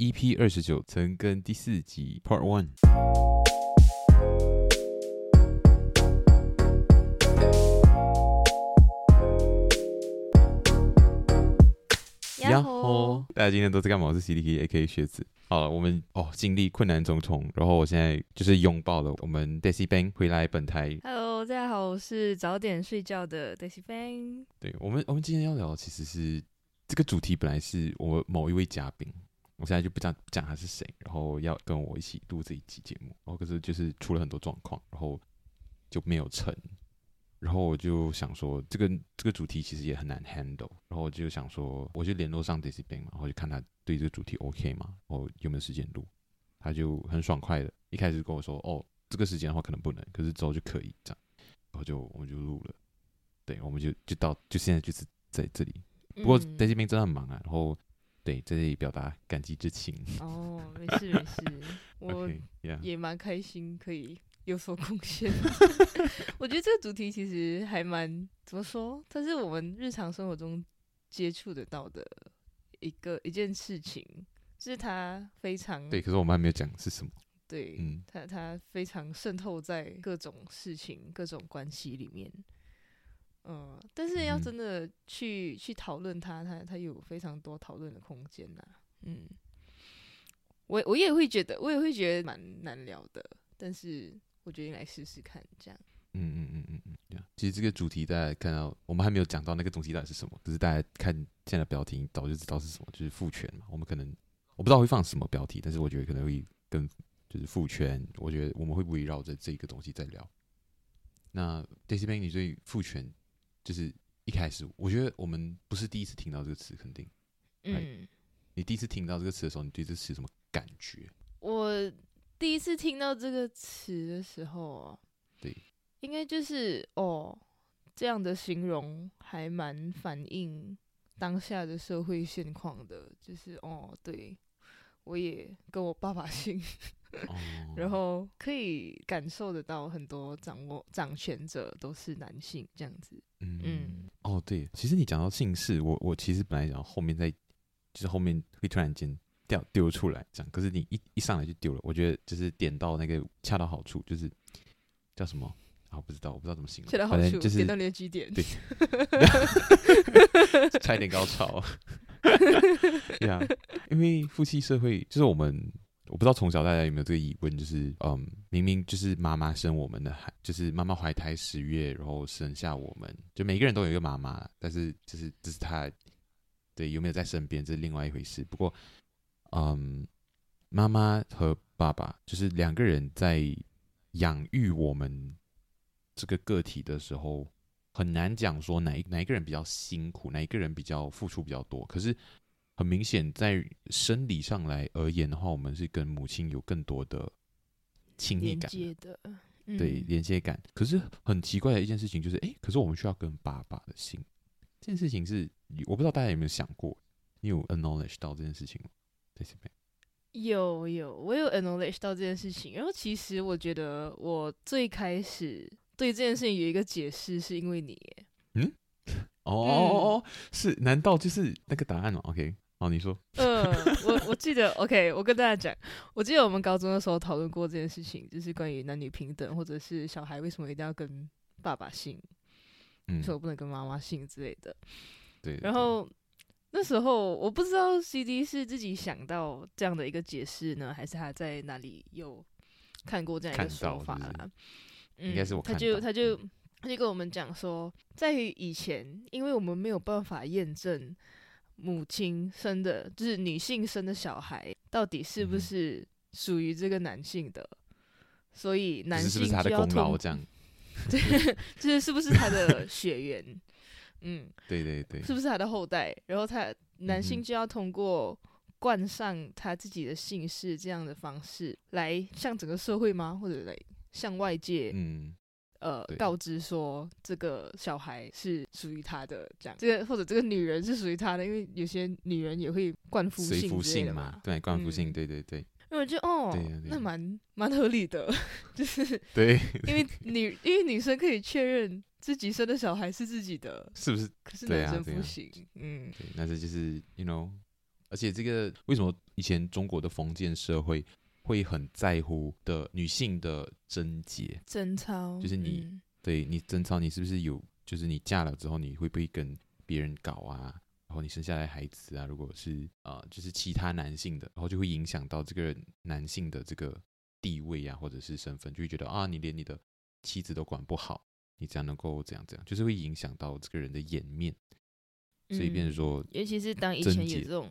E.P. 二十九《塵根》第四輯 Part One。呀吼！大家今天都在幹嘛？我是 C.D.K.A.K. 學子。好了，我們哦，經歷困難重重，然後我現在就是擁抱了我們 Teh C Peng 回來本台。Hello，大家好，我是早點睡覺的 Teh C Peng。對，我們，我們今天要聊的其實是這個主題本來是我某一位嘉賓。我現在就不講不講他是誰，然後要跟我一起錄這一集節目，然後可是就是出了很多狀況，然後就沒有成。然後我就想說，這個這個主題其實也很難 handle。然後我就想說，我就聯絡上 Teh C Peng，然後就看他對這個主題 OK 嘛，然後有沒有時間錄。他就很爽快的，一開始跟我說，哦，這個時間的話可能不能，可是之後就可以這樣。然後就我們就錄了，對，我們就就到就現在就是在這裡。不過 Teh C Peng 真的很忙啊，然後。對，在這裡表達感激之情。哦，沒事沒事， 我也蠻開心可以有所貢獻。 我覺得這個主題其實還蠻怎麼說，它是我們日常生活中接觸得到的一個一件事情，就是它非常……對，可是我們還沒有講是什麼。對，嗯，它它非常滲透在各種事情、各種關係裡面。嗯、呃，但是要真的去、嗯、去討論它，它它有非常多討論的空間吶、啊。嗯，我我也會覺得，我也會覺得蠻難聊的。但是我決定來試試看，這樣。嗯嗯嗯嗯嗯。其實這個主題大家看到，我們還沒有講到那個東西到底是什麼，可是大家看現在的標題早就知道是什麼，就是父權嘛。我們可能我不知道會放什麼標題，但是我覺得可能會跟就是父權，我覺得我們會不會繞着這個東西在聊？那 Teh C Peng，你對父權？就是一開始，我覺得我們不是第一次聽到這個詞，肯定。嗯，你第一次聽到這個詞的時候，你對這個詞有什麼感覺？我第一次聽到這個詞的時候啊，對，應該就是哦，這樣的形容還蠻反映當下的社會現況的，就是哦，對，我也跟我爸爸姓。哦、然後可以感受得到很多掌握掌權者都是男性這樣子，嗯嗯哦對，其實你講到姓氏，我我其實本來想後面再，就是後面會突然間掉丟出來講，可是你一一上來就丟了，我覺得就是點到那個恰到好處，就是叫什麼啊？不知道，我不知道怎麼形容，恰到好處反正就是點到你的基點。對， 差點高潮， 對啊，因為父權社會就是我們。我不知道從小大家有沒有這個疑問，就是嗯，明明就是媽媽生我們的孩，就是媽媽懷胎十月，然後生下我們，就每個人都有一個媽媽，但是就是這是他，對，有沒有在身邊，這是另外一回事。不過，嗯，媽媽和爸爸就是兩個人在養育我們這個個體的時候，很難講說哪一哪一個人比較辛苦，哪一個人比較付出比較多，可是，很明顯，在生理上來而言的話，我們是跟母親有更多的親密感連接的，嗯、對，連接感。可是很奇怪的一件事情就是，誒、欸，可是我們需要跟爸爸的姓，這件事情是我不知道大家有沒有想過，你有 acknowledge 到這件事情嗎？在身邊？有有，我有 acknowledge 到這件事情。然後其實我覺得，我最開始對這件事情有一個解釋，是因為你。嗯？哦哦哦，嗯、是？難道就是那個答案嗎？OK。哦、你說，呃、我我記得 ，OK，我跟大家講，我記得我們高中的時候討論過這件事情，就是關於男女平等，或者是小孩為什麼一定要跟爸爸姓，嗯，說不能跟媽媽姓之類的。對，對，對。然後那時候我不知道 CD 是自己想到這樣的一個解釋呢，還是他在哪裡有看過這樣的一個說法啦、啊。是是嗯他，他就他就他就跟我們講說，在於以前，因為我們沒有辦法驗證。母親生的就是女性生的小孩，到底是不是屬於這個男性的？嗯，所以男性是是就要通過，這樣 對，就是是不是他的血緣？ 嗯，對對對，是不是他的後代？然後他男性就要通過冠上他自己的姓氏這樣的方式，來向整個社會嗎？或者來向外界？嗯。呃，告知對說這個小孩是屬於他的，這樣，這個或者這個女人是屬於他的，因為有些女人也會冠夫姓嘛，性嘛，對，冠夫姓，嗯、對對對。那我覺得哦，對啊、對那蠻蠻合理的， 就是對，因為女因為女生可以確認自己生的小孩是自己的，是不是？可是男生不行，對啊對啊、嗯，對，那這就是 you know，而且這個為什麼以前中國的封建社會？會很在乎的女性的貞潔、貞操，就是你，嗯、對你貞操，你是不是有？就是你嫁了之後，你會不會跟別人搞啊？然後你生下來孩子啊，如果是呃，就是其他男性的，然後就會影響到這個男性的這個地位啊，或者是身份，就會覺得啊，你連你的妻子都管不好，你怎樣能夠怎樣怎樣？就是會影響到這個人的顏面，所以變成說，嗯、尤其是當以前有這種。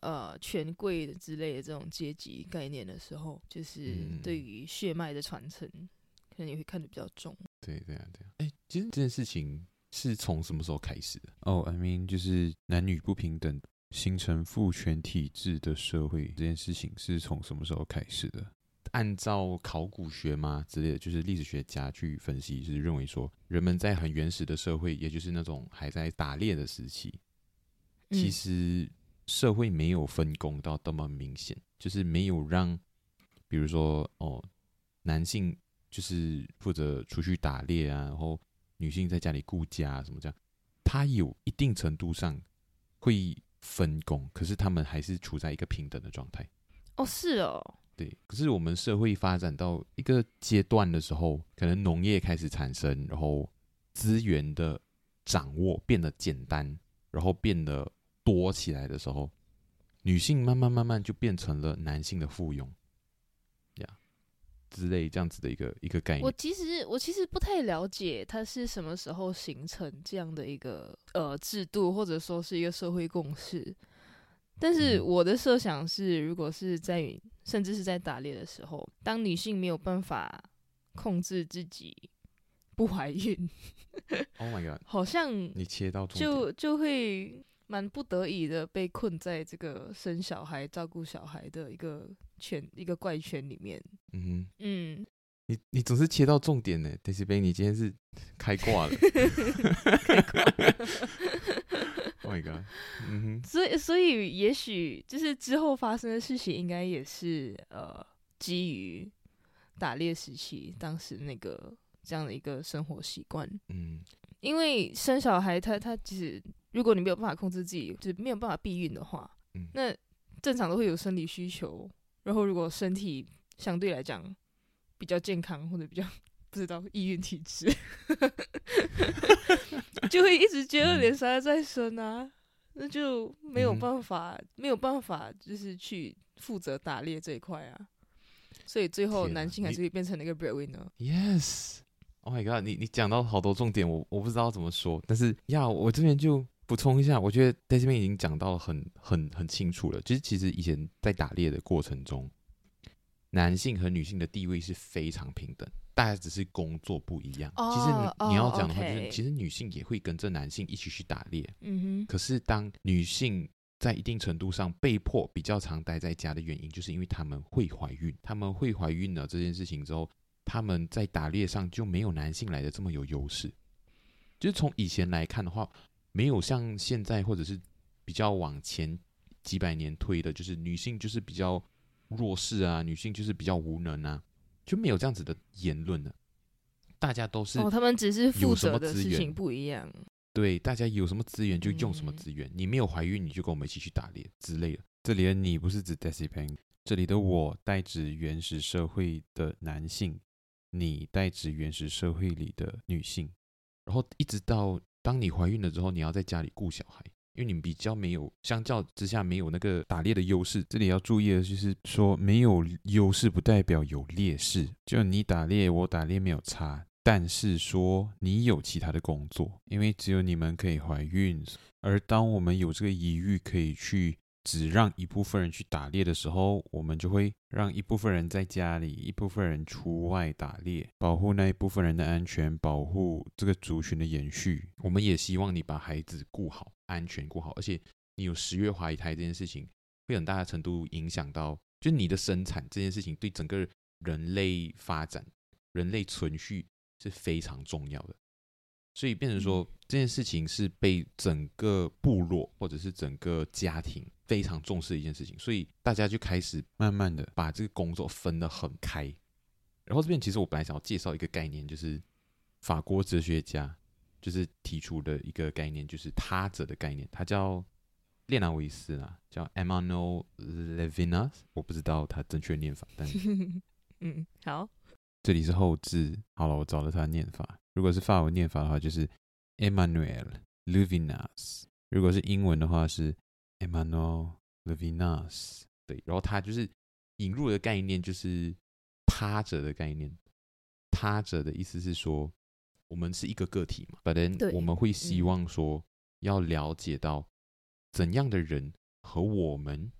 呃，權貴的之類的這種階級概念的時候，就是對於血脈的傳承，嗯、可能你會看得比較重。對，對、啊，對、啊。哎，其實這件事情是從什麼時候開始的？哦、Oh，I mean，就是男女不平等形成父權體制的社會這件事情是從什麼時候開始的？按照考古學嘛之類的，就是歷史學家去分析，就是認為說，人們在很原始的社會，也就是那種還在打獵的時期，嗯、其實。社會沒有分工到那麼明顯，就是沒有讓，比如說哦，男性就是負責出去打獵啊，然後女性在家裡顧家啊什麼這樣，他有一定程度上會分工，可是他們還是處在一個平等的狀態。哦，是哦，對。可是我們社會發展到一個階段的時候，可能農業開始產生，然後資源的掌握變得簡單，然後變得。多起來的時候，女性慢慢慢慢就變成了男性的附庸，呀、yeah. 之類這樣子的一個一個概念。我其實我其實不太了解它是什麼時候形成這樣的一個呃制度，或者說是一個社會共識。但是我的設想是，如果是在甚至是在打獵的時候，當女性沒有辦法控制自己不懷孕，Oh my God！好像你切到就就會。蠻不得已的，被困在這個生小孩、照顧小孩的一個圈、一個怪圈裡面。嗯哼，嗯，你你總是切到重點呢，Despina，你今天是開掛了。開掛，Oh my God，嗯哼，所以所以，所以也許就是之後發生的事情，應該也是呃，基於打獵時期當時那個這樣的一個生活習慣。嗯，因為生小孩他，他他其實。如果你沒有辦法控制自己，就是，沒有辦法避孕的話，嗯、那正常都會有生理需求。然後如果身體相對來講比較健康，或者比較不知道易孕體質，就會一直接二連三的再生啊，嗯，那就沒有辦法，嗯，沒有辦法，就是去負責打獵這一塊啊。所以最後男性還是會變成了一個 breadwinner。啊、Yes，Oh my God，你你講到好多重點，我我不知道怎麼說。但是呀，我這邊就補充一下，我覺得在這邊已經講到很很很清楚了。就是其實以前在打獵的過程中，男性和女性的地位是非常平等，大家只是工作不一樣。哦、其實你要講的話，就是、哦 okay、其實女性也會跟着男性一起去打獵。嗯哼。可是，當女性在一定程度上被迫比較常待在家的原因，就是因為他們會懷孕，他們會懷孕了這件事情之後，他們在打獵上就沒有男性來的這麼有優勢。就是從以前來看的話。沒有像現在，或者是比較往前幾百年推的，就是女性就是比較弱勢啊，女性就是比較無能啊，就沒有這樣子的言論了。大家都是、哦，他們只是負責的事情不一樣。對，大家有什麼資源就用什麼資源。嗯、你沒有懷孕，你就跟我們一起去打獵之類的。這裡的你不是指 Teh C Peng，這裡的我代指原始社會的男性，你代指原始社會裡的女性，然後一直到。當你懷孕了之後，你要在家裡顧小孩，因為你們比較沒有，相較之下沒有那個打獵的優勢。這裡要注意的就是說，沒有優勢不代表有劣勢。就你打獵，我打獵沒有差，但是說你有其他的工作，因為只有你們可以懷孕。而當我們有這個疑慮，可以去。只讓一部分人去打獵的時候，我們就會讓一部分人在家裡，一部分人出外打獵，保護那一部分人的安全，保護這個族群的延續。我們也希望你把孩子顧好，安全顧好，而且你有十月懷胎這件事情，會很大的程度影響到就你的生產這件事情，對整個人類發展、人類存續是非常重要的。所以變成說、嗯、這件事情是被整個部落或者是整個家庭非常重視的一件事情，所以大家就開始慢慢的把這個工作分得很開。然後這邊其實我本來想要介紹一個概念，就是法國哲學家就是提出的一個概念，就是他者的概念，他叫列納維斯啊，叫 Emmanuel Levinas，我不知道他正確念法，但 嗯，好，這裡是後製，好了，我找了他的念法。如果是法文念法的話，就是 Emmanuel Levinas；如果是英文的話，是 Emmanuel Levinas。對，然後他就是引入的概念，就是他者的概念。他者的意思是說，我們是一個個體嘛，but then 對我們會希望說，要了解到怎樣的人和我們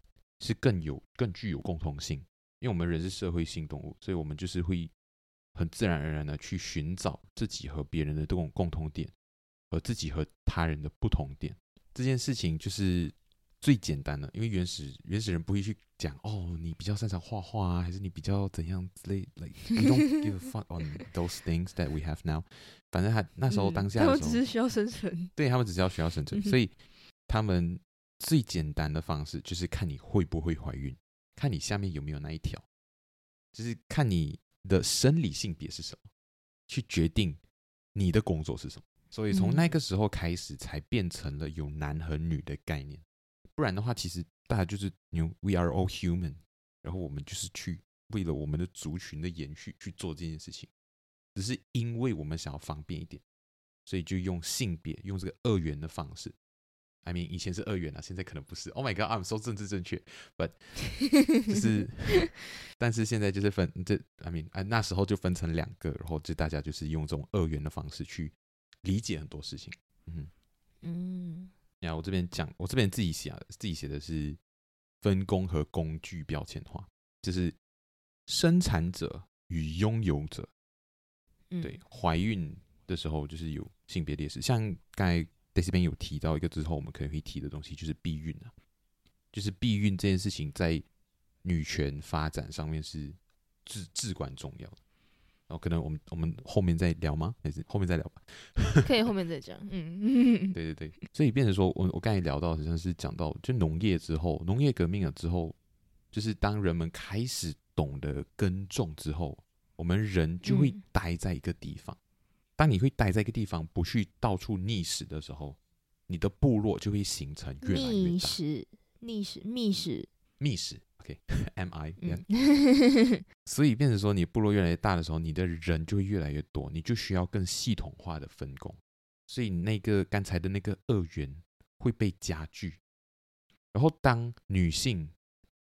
是更有、更具有共同性，因為我們人是社會性動物，所以我們就是會。很自然而然的去尋找自己和別人的這種共同點，和自己和他人的不同點，這件事情就是最簡單的。因為原始原始人不會去講哦，你比較擅長畫畫啊，還是你比較怎樣之類的。I、like, don't give a fuck on those things that we have now。反正他那時候當下的時候、嗯，他們只是需要生存。對，他們只是要需要生存，嗯、哼所以他們最簡單的方式就是看你會不會懷孕，看你下面有沒有那一條，就是看你。的生理性別是什麼，去決定你的工作是什麼。所以從那個時候開始，才變成了有男和女的概念。不然的話，其實大家就是用 you know, “we are all human”，然後我們就是去為了我們的族群的延續去做這件事情。只是因為我們想要方便一點，所以就用性別，用這個二元的方式。I mean 以前是二元啊，現在可能不是。Oh my god，I'm so 政治正確，but 就是，但是現在就是分這 I mean 啊，那時候就分成兩個，然後就大家就是用這種二元的方式去理解很多事情。嗯嗯，你看、啊、我這邊講，我這邊自己寫啊，自己寫的是分工和工具標籤化，就是生產者與擁有者。嗯、對，懷孕的時候就是有性別劣勢，像剛才。在這邊有提到一個之後，我們可能會提的東西就是避孕啊，就是避孕這件事情在女權發展上面是至至關重要的。然後可能我們我們後面再聊嗎？還是後面再聊吧？可以後面再講。 嗯，對對對。所以變成說我我剛才聊到的好像是講到就農業之後，農業革命了之後，就是當人們開始懂得耕種之後，我們人就會待在一個地方。嗯當你會待在一個地方，不去到處覓食的時候，你的部落就會形成越來越大。覓食、覓食、覓食、覓食。OK，MI，、okay. yeah. 嗯、 所以變成說，你部落越來越大的時候，你的人就會越來越多，你就需要更系統化的分工。所以那個剛才的那個二元會被加劇。然後當女性。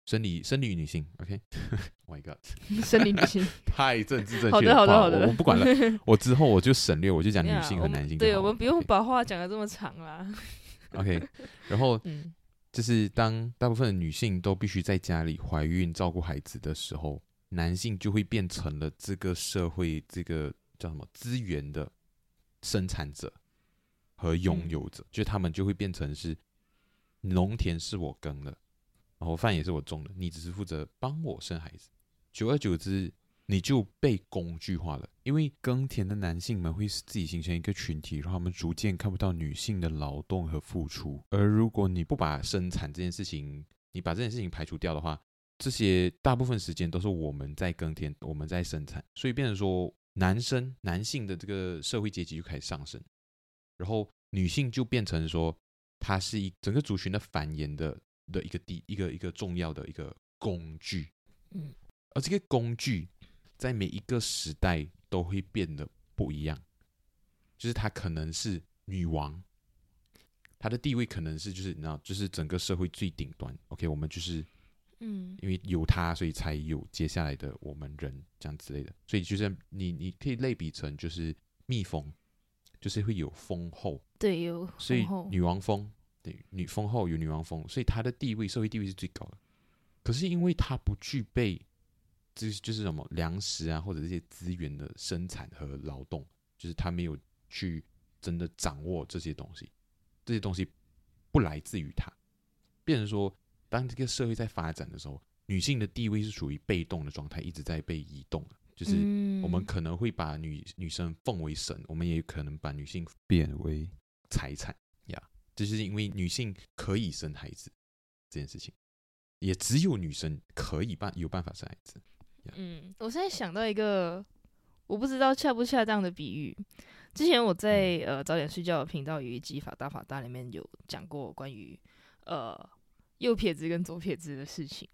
生理生理女性，OK，oh my god，生理女性 太政治正確，好的好的好的我，我不管了， 我之後我就省略，我就講女性和男性、啊。我男性對 Okay? 我們不用把話講得這麼長啦。OK，然後嗯，就是當大部分的女性都必須在家裡懷孕照顧孩子的時候，男性就會變成了這個社會這個叫什麼資源的生產者和擁有者，嗯、就他們就會變成是農田是我耕的。然後飯也是我種的，你只是負責幫我生孩子。久而久之，你就被工具化了。因為耕田的男性們會自己形成一個群體，然後他們逐漸看不到女性的勞動和付出。而如果你不把生產這件事情，你把這件事情排除掉的話，這些大部分時間都是我們在耕田，我們在生產，所以變成說，男生、男性的這個社會階級就開始上升，然後女性就變成說，她是一整個族群的繁衍的的一個第一個一個重要的一個工具，嗯，而這個工具在每一個時代都會變得不一樣，就是它可能是女王，她的地位可能是就是你知道，就是整個社會最頂端。OK，我們就是嗯，因為有她，所以才有接下來的我們人這樣之類的。所以就是你你可以類比成就是蜜蜂，就是會有蜂後，對，有蜂後，所以女王蜂。對，女封後有女王風，所以她的地位社會地位是最高的。可是因為她不具備，就是就是什麼糧食啊，或者這些資源的生產和勞動，就是她沒有去真的掌握這些東西，這些東西不來自於她，變成說，當這個社會在發展的時候，女性的地位是處於被動的狀態，一直在被移動。就是我們可能會把女女生奉為神，我們也可能把女性變為財產呀。Yeah. 就是因為女性可以生孩子這件事情，也只有女生可以辦有辦法生孩子。Yeah. 嗯，我現在想到一個我不知道恰不恰當的比喻，之前我在、嗯、呃早點睡覺的頻道有一集《法大法大》裡面有講過關於呃右撇子跟左撇子的事情。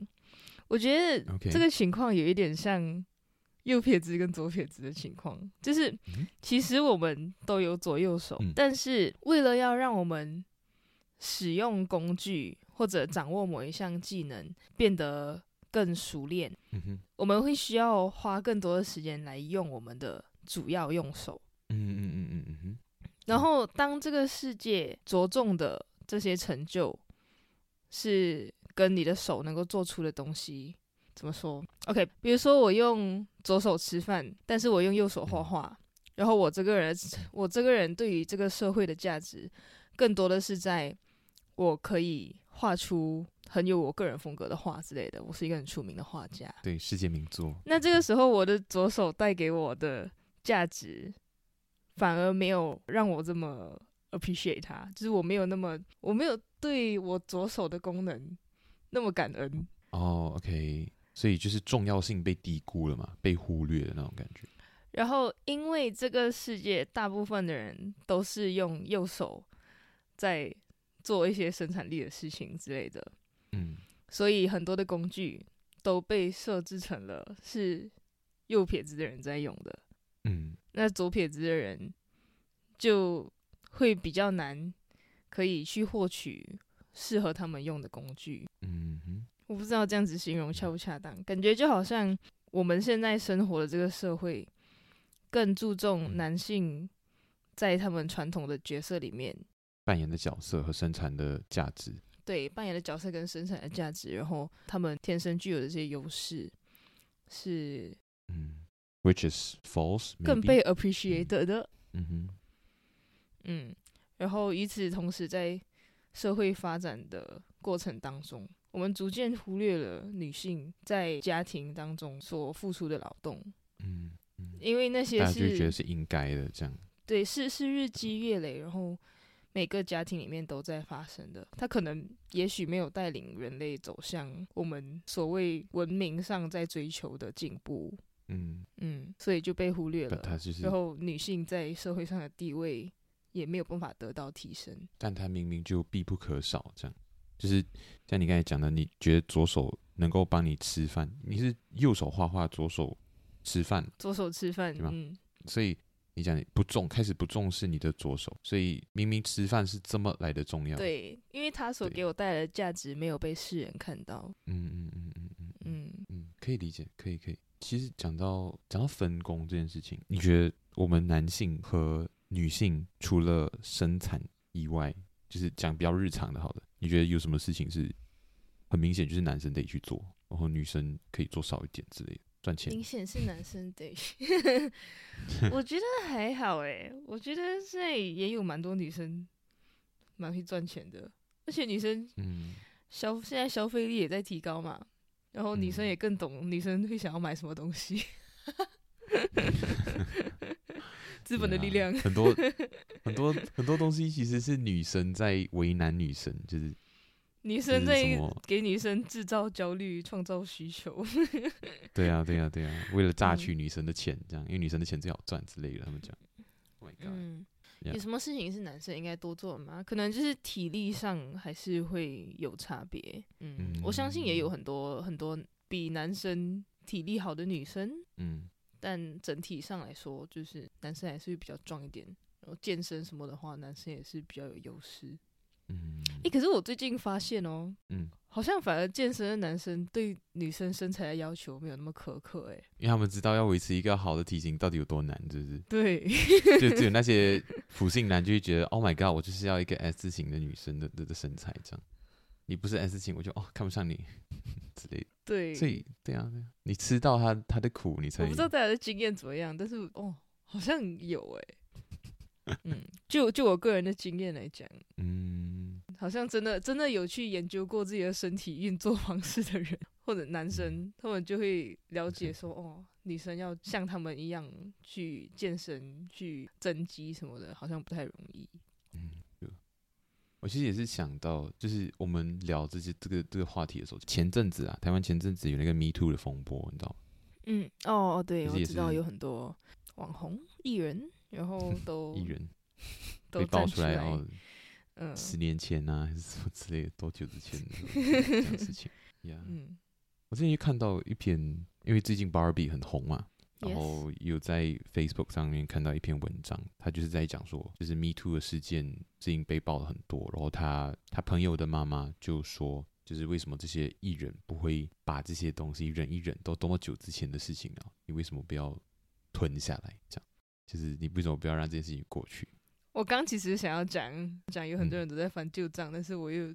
我覺得這個情況有一點像右撇子跟左撇子的情況，就是、嗯、其實我們都有左右手，嗯、但是為了要讓我們使用工具或者掌握某一項技能變得更熟練，嗯哼，我們會需要花更多的時間來用我們的主要用手。嗯，嗯嗯嗯嗯嗯。然後，當這個世界着重的這些成就是跟你的手能夠做出的東西，怎麼說？OK，比如說我用左手吃飯，但是我用右手畫畫，嗯嗯，然後我這個人，Okay。我這個人對於這個社會的價值更多的是在。我可以畫出很有我個人風格的畫之類的。我是一個很出名的畫家，對世界名作。那這個時候，我的左手帶給我的價值，反而沒有讓我這麼 appreciate 它，就是我沒有那麼，我沒有對我左手的功能那麼感恩。哦，OK，所以就是重要性被低估了嘛，被忽略了那種感覺。然後，因為這個世界大部分的人都是用右手在。做一些生產力的事情之類的，嗯，所以很多的工具都被設置成了是右撇子的人在用的，嗯，那左撇子的人就會比較難可以去獲取適合他們用的工具，嗯哼，我不知道這樣子形容恰不恰當，感覺就好像我們現在生活的這個社會更注重男性在他們傳統的角色裡面。嗯扮演的角色和生產的價值，對，扮演的角色跟生產的價值，嗯、然後他們天生具有的這些優勢是嗯，which is false，更被 appreciated 的嗯，嗯哼，嗯，然後與此同時，在社會發展的過程當中，我們逐漸忽略了女性在家庭當中所付出的勞動，嗯，嗯，因為那些是大家就覺得是應該的，這樣，對，是是日積月累，然後。每個家庭裡面都在發生的，他可能也許沒有帶領人類走向我們所謂文明上在追求的進步，嗯嗯，所以就被忽略了。他、就是、然後女性在社會上的地位也沒有辦法得到提升，但她明明就必不可少。這樣，就是像你剛才講的，你覺得左手能夠幫你吃飯，你是右手畫畫，左手吃飯，左手吃飯，對嗎？嗯，所以。你講你不重、開始不重視你的左手，所以明明吃飯是這麼來的重要。對，因為他所給我帶來的價值沒有被世人看到。嗯嗯嗯嗯嗯嗯嗯，可以理解，可以可以。其實講到講到分工這件事情，你覺得我們男性和女性除了生產以外，就是講比較日常的，好的，你覺得有什麼事情是很明顯就是男生得去做，然後女生可以做少一點之類的？明顯是男生的，對 我覺得還好哎、欸，我覺得現在也有蠻多女生蠻會賺錢的，而且女生消現在消費力也在提高嘛，然後女生也更懂女生會想要買什麼東西，資 本的力量，yeah, 很多很多很多東西其實是女生在為難女生，就是。女生在給女生製造焦慮，創造需求。 對啊，對啊，對啊，為了榨取女生的錢，這樣，嗯、因為女生的錢最好賺之類的，他們講。嗯，有什麼事情是男生應該多做的嗎？可能就是體力上還是會有差別。嗯，嗯嗯，我相信也有很多很多比男生體力好的女生。嗯，但整體上來說，就是男生還是會比較壯一點。然後健身什麼的話，男生也是比較有優勢。嗯，哎、欸，可是我最近發現哦、喔，嗯，好像反而健身的男生對女生身材的要求沒有那麼苛刻，哎，因為他們知道要維持一個好的體型到底有多難，是、就、不是？對， 就只有那些普信男就會覺得 ，Oh my god，我就是要一個 S 型的女生的的，的身材，這樣你不是 S 型，我就哦看不上你呵呵之類的。對，所以對啊，對啊，你吃到他他的苦，你才知道大家的經驗怎麼樣，但是哦，好像有，哎。 嗯，就就我個人的經驗來講，嗯，好像真的真的有去研究過自己的身體運作方式的人，或者男生，嗯，他們就會了解說，哦，女生要像他們一樣去健身、去增肌什麼的，好像不太容易。嗯，我其實也是想到，就是我們聊這些這個這個話題的時候，前陣子啊，台灣前陣子有那個 Me Too 的風波，你知道嗎？嗯，哦哦，對，我知道有很多網紅藝人。然後都藝 人被爆出來，出來哦，嗯，十年前吶還是什麼之類的，多久之前的 事情？呀、yeah.，嗯，我之前看到一篇，因為最近 Barbie 很紅嘛，然後有在 Facebook 上面看到一篇文章，他 Yes. 就是在講說，就是 Me Too 的事件最近被爆了很多，然後他他朋友的媽媽就說，就是為什麼這些藝人不會把這些東西忍一忍，都多久之前的事情了，啊，你為什麼不要吞下來？這樣？就是你為什麼不要讓這件事情過去。我剛其實想要講講，有很多人都在翻舊賬，但是我又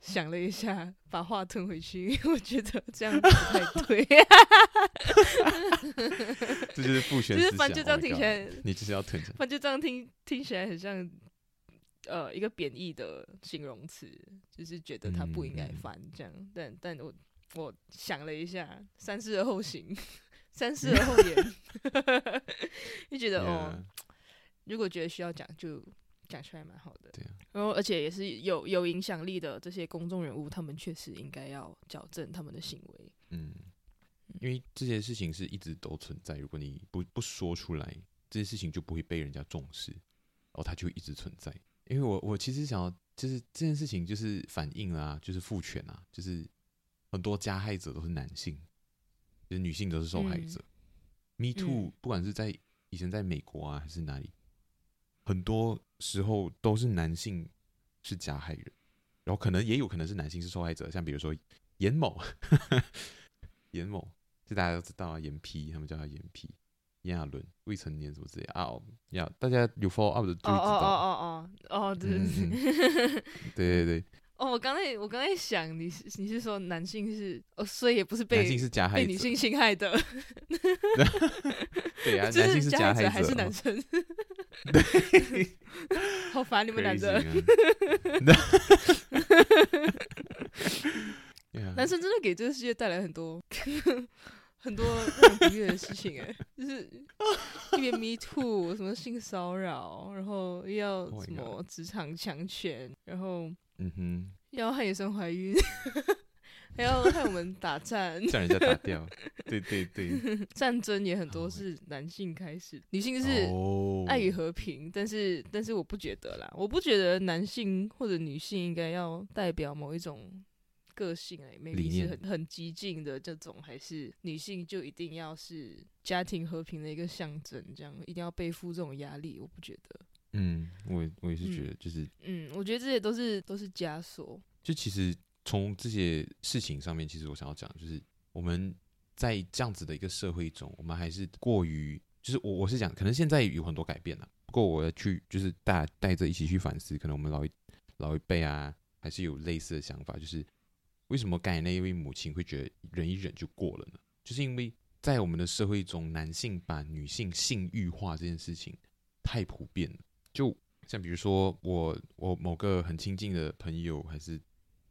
想了一下，把話吞回去，因為我覺得這樣不太對。這就是複選。其實翻舊賬聽起來，你就是要吞翻舊賬聽聽起來很像呃一個貶義的形容詞，就是覺得他不應該翻這樣。但但我我想了一下，三思而後行。三思而後言，就 覺得 Yeah. 哦，如果覺得需要講，就講出來蠻好的。對啊。然後、啊哦，而且也是有有影響力的這些公眾人物，他們確實應該要矯正他們的行為。嗯，因為這些事情是一直都存在。如果你不不說出來，這些事情就不會被人家重視，然、哦、後它就一直存在。因為我我其實想要，就是這件事情就是反映啊，就是父權啊，就是很多加害者都是男性。其實女性都是受害者。嗯、Me too，不管是在以前在美國啊，還是哪裡，嗯、很多時候都是男性是加害人，然後可能也有可能是男性是受害者。像比如說炎某，炎某，這大家都知道啊，嚴皮他們叫他嚴皮，亞綸，未成年什麼之類啊，要、oh, yeah, 大家有 follow up 的就知道，哦哦哦哦哦， 對對對。哦，我剛才我剛才想，你是你是說男性是哦，所以也不是被是被女性侵害的， 對啊，男性是加害者還是男生？好煩你們男的，男生真的給這個世界帶來很多 很多不悅的事情，哎，就是一邊 Me Too 什麼性騷擾，然後又要什麼職場強權，oh、my 然後。嗯哼，要害女生懷孕， 還要害我們打仗， 打掉 對對對， 戰爭也很多是男性開始，耶女性是愛與和平。哦、但是但是我不覺得啦，我不覺得男性或者女性應該要代表某一種個性誒、欸，每次念很很激進的這種，還是女性就一定要是家庭和平的一個象徵，這樣一定要背負這種壓力，我不覺得。嗯，我我也是覺得，就是嗯，嗯，我覺得這些都是都是枷鎖。就其實從這些事情上面，其實我想要講，就是我們在這樣子的一個社會中，我們還是過於就是我我是講，可能現在有很多改變了，不過我要去就是帶帶着一起去反思，可能我們老一老一輩啊，還是有類似的想法，就是為什麼剛才那位母親會覺得忍一忍就過了呢？就是因為在我們的社會中，男性把女性性欲化這件事情太普遍了。就像比如說我我某個很親近的朋友還是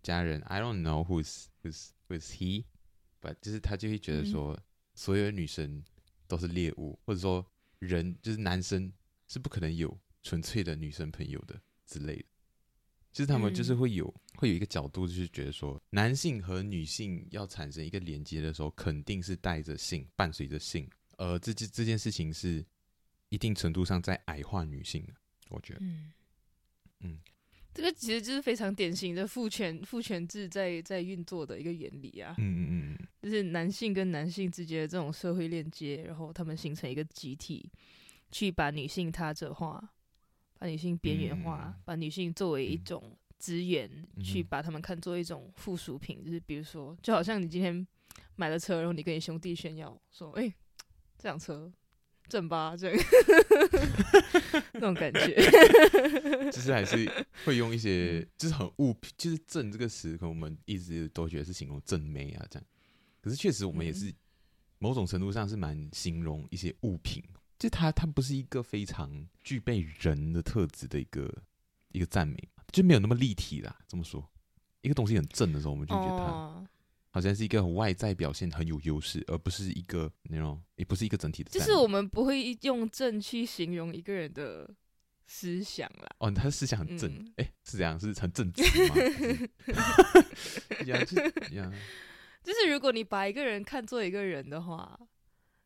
家人，I don't know who's who's who's he，but 就是他就會覺得說，所有女生都是獵物，或者說人就是男生是不可能有純粹的女生朋友的之類的。就是他們就是會有、嗯、會有一個角度，就是覺得說男性和女性要產生一個連接的時候，肯定是帶着性伴隨着性，而這這這件事情是一定程度上在矮化女性的。我覺得，嗯，嗯，這個其實就是非常典型的父權父權制在在運作的一個原理啊。嗯，嗯就是男性跟男性之間的這種社會鏈接，然後他們形成一個集體，去把女性他者化，把女性邊緣化，嗯、把女性作為一種資源，嗯、去把他們看作一種附屬品。嗯、嗯、就是比如說，就好像你今天買了車，然後你跟你兄弟炫耀說：“哎、欸，這輛車正吧這個。 這種感覺， 就是還是會用一些，就是很物品，就是“正”這個詞，我們一直，一直都覺得是形容正妹啊這樣。可是確實，我們也是某種程度上是蠻形容一些物品，就它它不是一個非常具備人的特質的一個一個讚美，就沒有那麼立體啦、啊。這麼說，一個東西很正的時候，我們就覺得它。哦好像是一個外在表現很有優勢，而不是一個那種也不是一個整體的。就是我們不會用正去形容一個人的思想啦。哦，他思想很正，哎、嗯，是這樣、欸，是，是很正直嗎？一樣、 就是一樣，就是如果你把一個人看作一個人的話，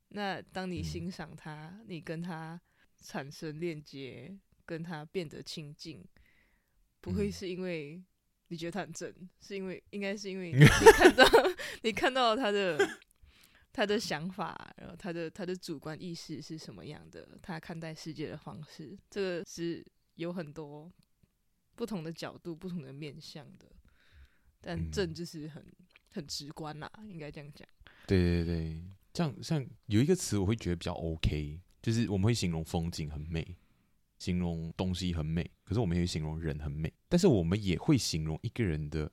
那當你欣賞他，嗯、你跟他產生鏈接，跟他變得親近，不會是因為。你覺得他很正，是因為應該是因為你看到 你看到他的他的想法，然後他的他的主觀意識是什麼樣的，他看待世界的方式，這個是有很多不同的角度、不同的面向的。但正就是很、嗯、很直觀啦，應該這樣講。對對對，這樣像有一個詞我會覺得比較 OK，就是我們會形容風景很美。形容東西很美，可是我們也會形容人很美，但是我們也會形容一個人的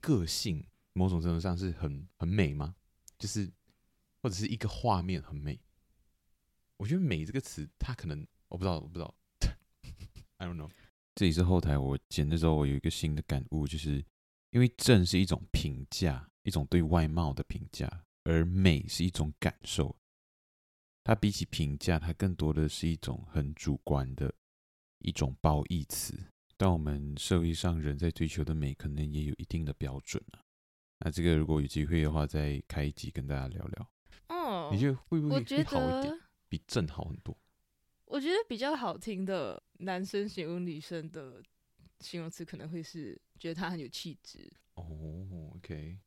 個性，某種程度上是很很美嗎？就是或者是一個畫面很美。我覺得“美”這個詞，它可能我不知道，我不知道。 I don't know。這裡是後台，我剪的時候，我有一個新的感悟，就是因為“正”是一種評價，一種對外貌的評價，而“美”是一種感受。它比起評價，它更多的是一種很主觀的一種褒義詞。但我們社會上人在追求的美，可能也有一定的標準啊。那這個如果有機會的話，再開一集跟大家聊聊。哦，你覺得會不會會好一點？我覺得比正好很多。我覺得比較好聽的男生形容女生的形容詞，可能會是覺得她很有氣質。哦，OK，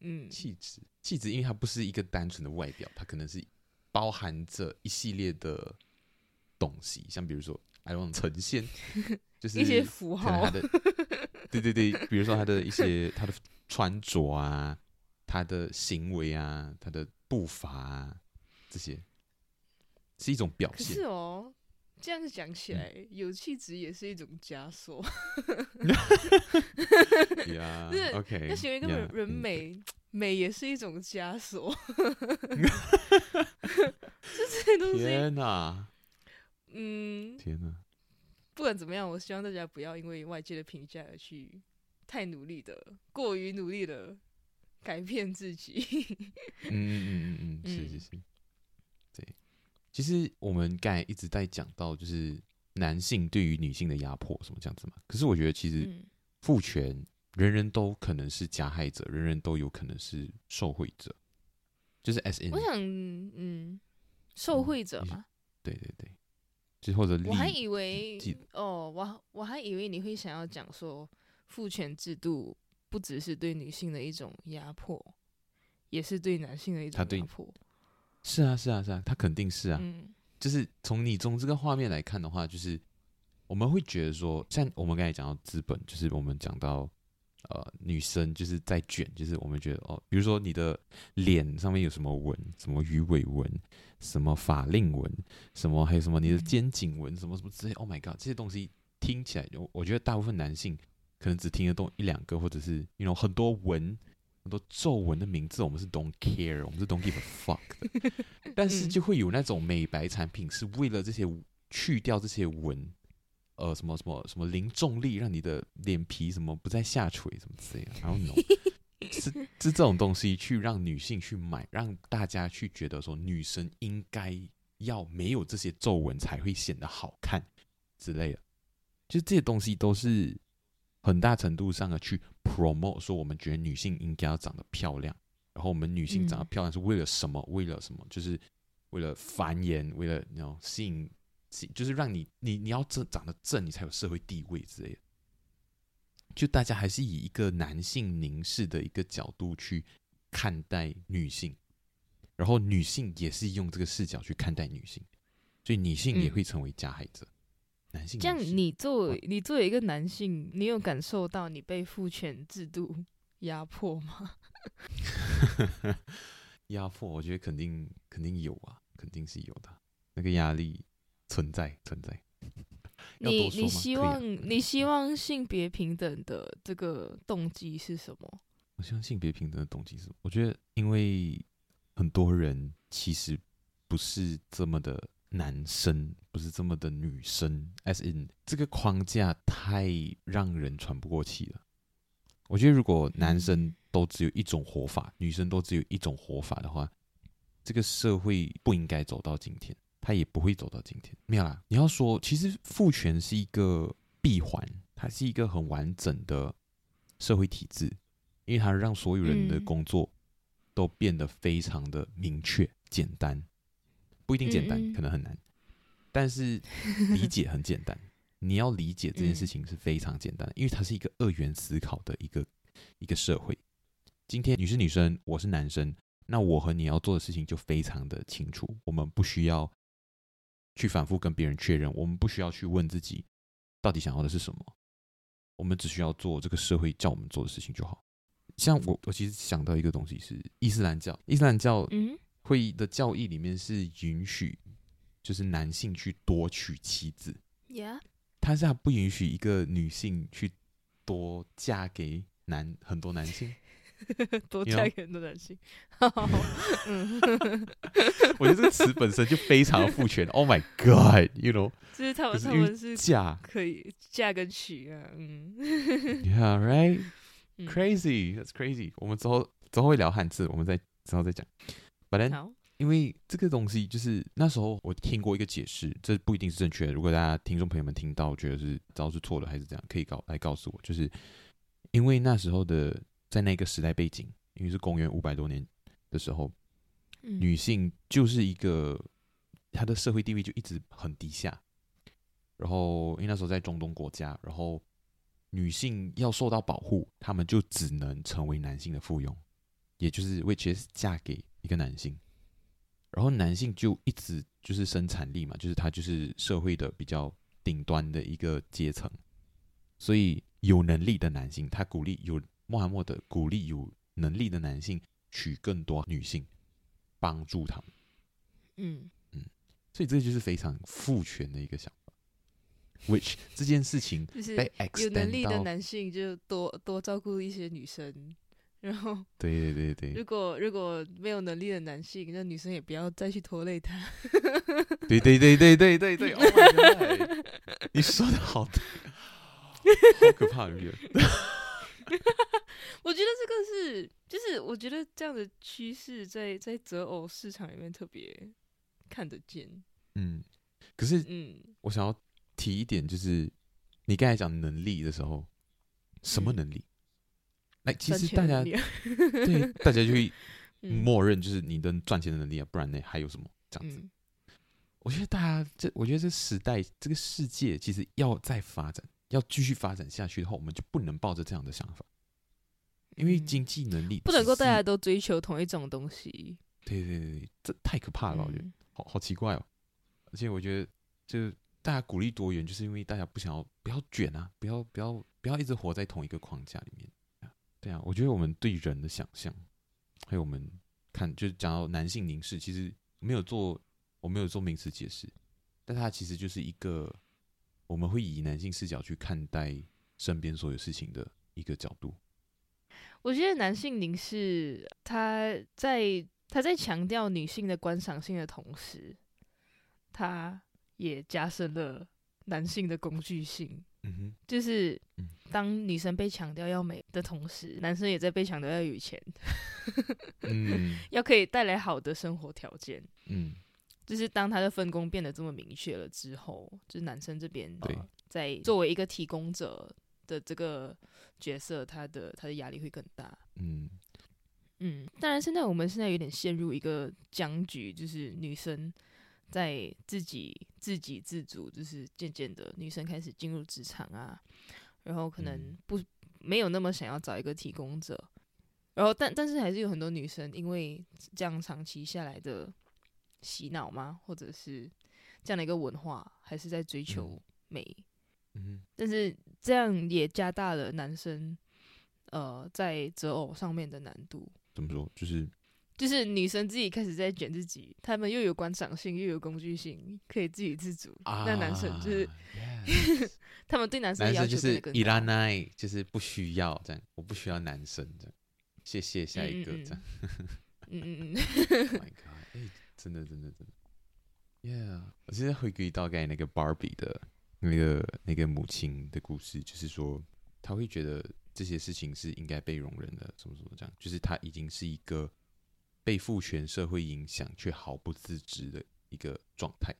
嗯，氣質，氣質，因為它不是一個單純的外表，它可能是。包含着一系列的東西，像比如說，I don't know, 呈現就是一些符號，的 對對對，比如說他的一些 他的穿着啊，他的行為啊，他的步伐啊，這些是一種表現。是哦，這樣子講起來，Yeah. 有氣質也是一種枷鎖。對是 OK，那屬於根本人美。美也是一種枷鎖，這些東西。天哪、啊！ 嗯，天哪、啊！不管怎麼樣，我希望大家不要因為外界的評價而去太努力的、過於努力的改變自己。 嗯嗯嗯嗯嗯，是是是。嗯、對，其實我們剛才一直在講到，就是男性對於女性的壓迫什麼這樣子嘛。可是我覺得，其實父權、嗯。人人都可能是加害者，人人都有可能是受惠者，就是、SN、S N。我想，嗯，受惠者嘛、哦。對對對，就或者我還以為記哦，我我還以為你會想要講說父權制度不只是對女性的一種壓迫，也是對男性的一種壓迫。是啊，是啊，是啊，他肯定是啊，嗯。就是從你從這個畫面來看的話，就是我們會覺得說，像我們剛才講到資本，就是我們講到。呃，女生就是在捲，就是我們覺得哦，比如說你的臉上面有什麼紋，什麼魚尾紋，什麼法令紋，什麼還有什麼你的肩頸紋，什麼什麼之類。Oh my god，這些東西聽起來，我我覺得大部分男性可能只聽得懂一兩個，或者是那種 you know, 很多紋、很多皺紋的名字，我們是 don't care，我們是 don't give a fuck 的。 但是就會有那種美白產品是為了這些去掉這些紋。呃，什麼什麼什麼零重力，讓你的臉皮什麼不再下垂，什麼之類的。然後呢 是是這種東西去讓女性去買，讓大家去覺得說，女生應該要沒有這些皺紋才會顯得好看之類的，就這些東西都是很大程度上的去 promote，說我們覺得女性應該要長得漂亮，然後我們女性長得漂亮是為了什麼？嗯、為了什麼？就是為了繁衍，嗯、為了那種吸引。就是讓你你你要這長得正，你才有社會地位之類的。就大家還是以一個男性凝視的一個角度去看待女性，然後女性也是用這個視角去看待女性，所以女性也會成為加害者。嗯、男性、女性，這樣，你做、啊、你作為一個男性，你有感受到你被父權制度壓迫嗎？壓 迫，我覺得肯定肯定有啊，肯定是有的，那個壓力。存在存在，存在 你你希望，啊、你希望性別平等的這個動機是，是什麼？我希望性別平等的動機是，我覺得，因為很多人其實不是這麼的男生，不是這麼的女生，as in，這個框架太讓人喘不過氣了。我覺得，如果男生都只有一種活法，嗯、女生都只有一種活法的話，這個社會不應該走到今天。他也不會走到今天。沒有啦。你要說，其實父權是一個閉環，它是一個很完整的社會體制，因為它讓所有人的工作都變得非常的明確、簡單，不一定簡單，可能很難，嗯嗯。但是理解很簡單。 你要理解這件事情是非常簡單的，因為它是一個二元思考的一個一個社會。今天，你是女生，我是男生，那我和你要做的事情就非常的清楚，我們不需要。去反覆跟別人確認，我們不需要去問自己到底想要的是什麼，我們只需要做這個社會叫我們做的事情就好。像我，我其實想到一個東西是伊斯蘭教，伊斯蘭教會的教義裡面是允許，就是男性去多娶妻子，他是他不允許一個女性去多嫁給男很多男性。 多嫁給很多男性，我覺得這個詞本身就非常的父權。 Oh my God, you know，就是他們是他們是嫁可以嫁跟娶啊，嗯 yeah,，Right, crazy,、嗯、that's crazy。我們之後之後會聊漢字，我們再之後再講。But then< 好>因為這個東西就是那時候我聽過一個解釋，這不一定是正確的。如果大家聽眾朋友們聽到覺得是知道是錯的，還是怎樣，可以告來告訴我，就是因為那時候的。在那個時代背景，因為是公元五百多年的時候，女性就是一個她的社會地位就一直很低下。然後，因為那時候在中東國家，然後女性要受到保護，她們就只能成為男性的附庸，也就是 which 嫁給一個男性。然後男性就一直就是生產力嘛，就是他就是社會的比較頂端的一個階層。所以有能力的男性，他鼓勵有。穆罕默德鼓勵有能力的男性娶更多女性，幫助他們。嗯嗯，所以這就是非常父權的一個想法。Which 這件事情， 就是有能力的男性就多多照顧一些女生，然後對對對對，如果如果沒有能力的男性，那女生也不要再去拖累他。 對,對對對對對對對，oh、God, 你說的好， 好可怕，你。 我覺得這個是，就是我覺得這樣的趨勢在在擇偶市場裡面特別看得見。嗯，可是，嗯，我想要提一點，就是你剛才講能力的時候，什麼能力？哎，嗯，其實大家 對大家就默認就是你的賺錢的能力啊，不然呢還有什麼，這樣子。嗯，我覺得大家這，我覺得這時代這個世界其實要再發展，要繼續發展下去的話，我們就不能抱着這樣的想法。因為經濟能力不能夠大家都追求同一種東西。對對對，這太可怕了！嗯、我覺得好好奇怪哦。而且我覺得，就大家鼓勵多元，就是因為大家不想要不要捲啊，不要不要不要一直活在同一個框架裡面。對啊，我覺得我們對人的想象，還有我們看，就是講到男性凝視，其實沒有做，我沒有做名詞解釋，但它其實就是一個，我們會以男性視角去看待身邊所有事情的一個角度。我覺得男性凝視，他在他在強調女性的觀賞性的同時，他也加深了男性的工具性。嗯、哼就是當女生被強調要美的同時，男生也在被強調要有錢，嗯、 要可以帶來好的生活條件。嗯、就是當他的分工變得這麼明確了之後，就是男生這邊對、呃，在作為一個提供者的這個角色，她的、他的壓力會更大。嗯嗯，當然現在我們現在有點陷入一個僵局，就是女生在自己自給自足，就是漸漸的女生開始進入職場啊，然後可能不、嗯、沒有那麼想要找一個提供者，然後但但是還是有很多女生因為這樣長期下來的洗腦嘛，或者是這樣的一個文化，還是在追求美。嗯嗯哼，但是這樣也加大了男生，呃，在擇偶上面的難度。怎麼說？就是，就是女生自己開始在卷自己，他們又有觀賞性，又有工具性，可以自給自足。啊、那男生就是，啊 yes、他們對男生，的要求的就是伊拉奈，就是不需要這樣，我不需要男生的，謝謝下一個嗯嗯，這樣。嗯嗯嗯、 oh my God, 欸、真的真的真的，Yeah！我現在回歸到剛那個 Barbie 的。那個那個母親的故事，就是說，他會覺得這些事情是應該被容忍的，怎麼怎麼講，就是他已經是一個被父權社會影響卻毫不自知的一個狀態，